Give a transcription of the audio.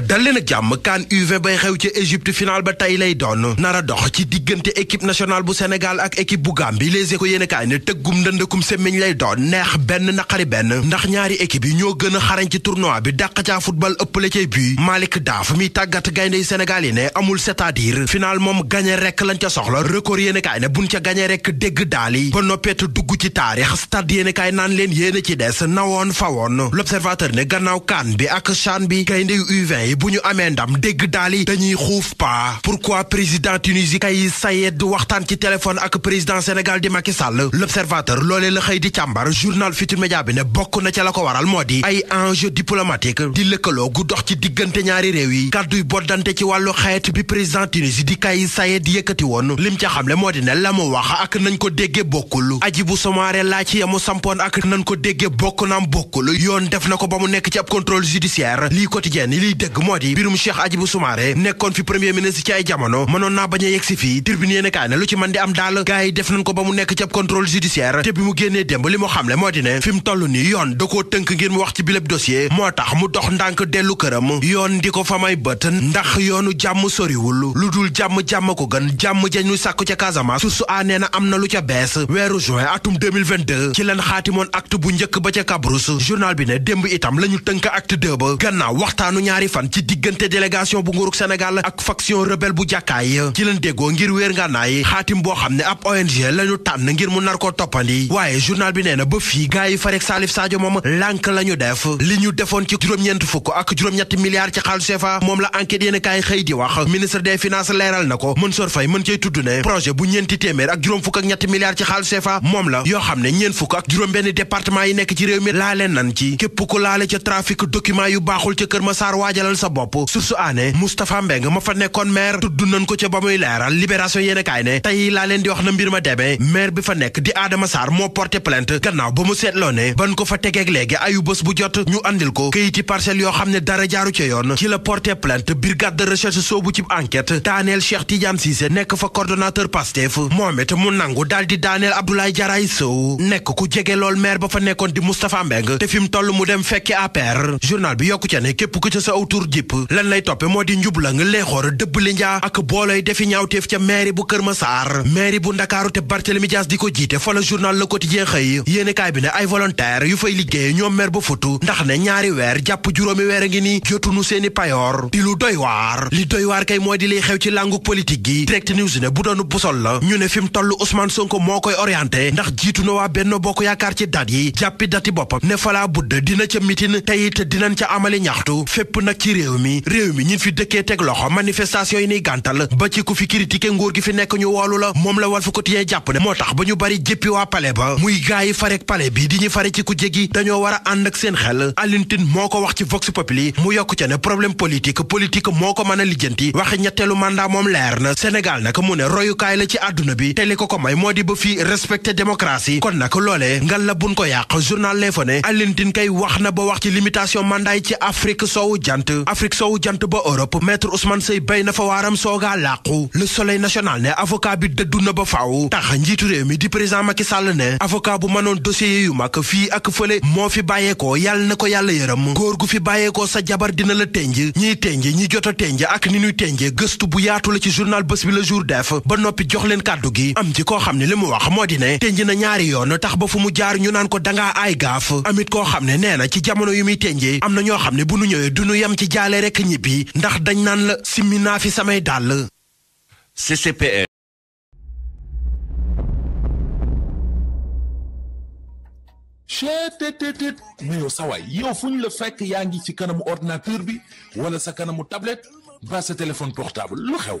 dal leen ak jàmm CAN u bay xew ci Égypte final ba tey lay doon nar a dox ci diggante équipe nationale bu Sénégal ak équipe bu Gambie Les Échos yéen kaay ne tëggum ndëndëkum semmiñ lay doon neex benn naqari benn ndax ñaari équipe yi ñoo gën a xarañ ci tournoi bi dàq caa football ëppale cay but Malick Daaf muy tàggat gaynde Sénégal yi ne amul c'est-à-dire final moom gagné rek lañ ca soxla record yéen kaay ne buñ ca gagné rek dégg daal yi ba noppeetu dugg ci taarix stade yéen kaay naan leen yéen ci des nawoon fawoon l'observateur gannaaw CAN bi ak CHAN bi gaynde yi bu ñu amee ndam dégg daal yi dañuy xuuf paa pourquoi président Tunisie Kais Sayed waxtaan ci téléphone ak président Sénégal di Macky Sall l'observateur loole la xëy di càmbar journal Futur Média bi ne bokk na ca la ko waral moo di ay enjeu diplomatique di lëkkaloo gu dox ci diggante ñaari réew yi kàdduy boddante ci wàllu xeet bi président Tunisie di Kais Sayed yëkkati woon lim ca xamle moo di ne la mu wax ak nañ ko déggee bokkul Hadjibou Soumaré laa ci yamu sampoon ak nañ ko déggee bokk naam bokkul yoon def na ko ba mu nekk ci ab dëgg moo di mbirum Cheikh Hadjibou Soumaré nekkoon fi premier ministre ci ay jamono mënoon naa bañ a yegg si fii tribune yéen kaay lu ci mën di am daal gars def nañ ko ba mu nekk ca contrôle judiciaire te bi mu génnee démb li mu xamle moo di ne fi mu toll yoon da koo tënk ngir mu wax ci bileb dossier moo tax mu dox ndànk dellu këram yoon di ko fa may bët ndax yoonu jàmm soriwul lu dul jàmm-jàmm ko gën jàmm jañu sàkku ca Casamance su su nee na am na lu ca bees weeru juin atum 2022 ci lan xaatimoon acte bu njëkk ba ca Kabrousse journal bi ne démb itam la ñu tënk acte 2 waxtaanu ñaari fan fan ci diggante délégation bu nguurug Sénégal ak faction rebelle bu jàkkaay ci leen déggoo ngir wéer ngànnaay xaatim boo xam ne ab ONG lañu tànn ngir mu nar koo toppandi waaye journal bi nee na ba fii gars yi farek Salif moom lànk la ñu def li ñu defoon ci juróom-ñeent fukk ak juróom-ñetti milliards ci xaalis CFA moom la enquête yéen kaay xëy di wax ministre des finances leeral na ko Mansour Faye mën cey tudd ne projet bu ñeenti téeméer ak juróom ne ñeen fukk ak juróom benn yi nekk ci réew mi laaleen ñeelal sa bopp sursu aané Moustapha Mbeng ma fa nekkoon maire tudd nañ ko ca ba muy leeral libération yéen kaay ne tey laa leen di wax na mbir ma demee maire bi fa nekk di Adama Sarr moo porté plainte gannaaw ba mu seetloo ne ban ko fa tegeeg léegi ayu bés bu jot ñu andil ko këyiti parcelle yoo xam ne dara jaaru ca yoon ci la porté plainte brigade de recherche soobu ci enquête daaneel Cheikh Tidiane Cissé nekk fa coordonnateur Pastef moom it mu nangu daal di daaneel Abdoulaye Diaray Sow nekk ku jege lool maire ba fa nekkoon di Moustapha Mbeng te fi mu toll mu dem fekki APR journal tur jip lan lay toppe moo di njubla nga leexoor dëbb li njaa ak boolay defi ñaawteef ca mairie bu Kër Masaar mairie bu Ndakaaru te Barthélemy Dias di ko jiite fa la journal Le Quotidien xëy yéenekaay bi ne ay volontaire yu fay liggéey ñoom mer ba futu ndax ne ñaari weer jàpp juróomi weer a ngi ni jotunu seeni payoor di lu doy li doy waar kay moo di liy xew ci làngu politique gi direct news ne bu doonu busol la ñu ne fi mu toll Ousmane Sonko moo koy orienté ndax na waa Benno Bokk Yaakaar ci dat yi jàppi dati boppam ne falaa budd dina ca mitin te it dinañ ca amali ci réew mi réew mi ñin fi dëkkee teg loxo manifestation yi ni gàntal ba ci ku fi nguur gi fi nekk ñu woolu la moom la Walf Quotidien jàpp ne moo tax ba ñu bari jéppi waa pale ba muy gaay yi pale bi di ñu fare ci ku jégi dañoo war a ànd ak seen xel Alioune moo ko wax ci Vox Populi mu yokk ca ne problème politique politique moo ko mën a lijjanti waxe ñetteelu mandat moom leer na Sénégal nag mu ne royukaay la ci àdduna bi te li ko ko may afrique soowu jant ba europe maître Ousmane Seye bay na fa waaram soogaa làqu le soleil national ne avocat bi dëddu ba faaw tax njiitu réew mi di président Macky Sall ne avocat bu mënoon dossier yu mag fii ak fële moo fi bàyyeekoo yàlla na ko yàlla yërëm góor gu fi bàyyeekoo sa jabar dina la tenj ñiy tenj ñi jot a tenj ak ni ñuy tenje gëstu bu yaatu la ci journal bés bi le jour ba noppi jox leen kàddu gi am ci koo xam ne li mu wax moo di ne tenj na ñaari yoon tax ba fu mu jaar ñu naan ko dangaa ay gaaf amit koo xam ki jaale rek ñibbi ndax dañ naan la simmi naa fi samay dàll CCPR chetttt mais yow sawaay yow fu la fekk yaa ngi ci kanamu ordinateur bi wala sa kanamu tablet ba sa téléphone portable lu xew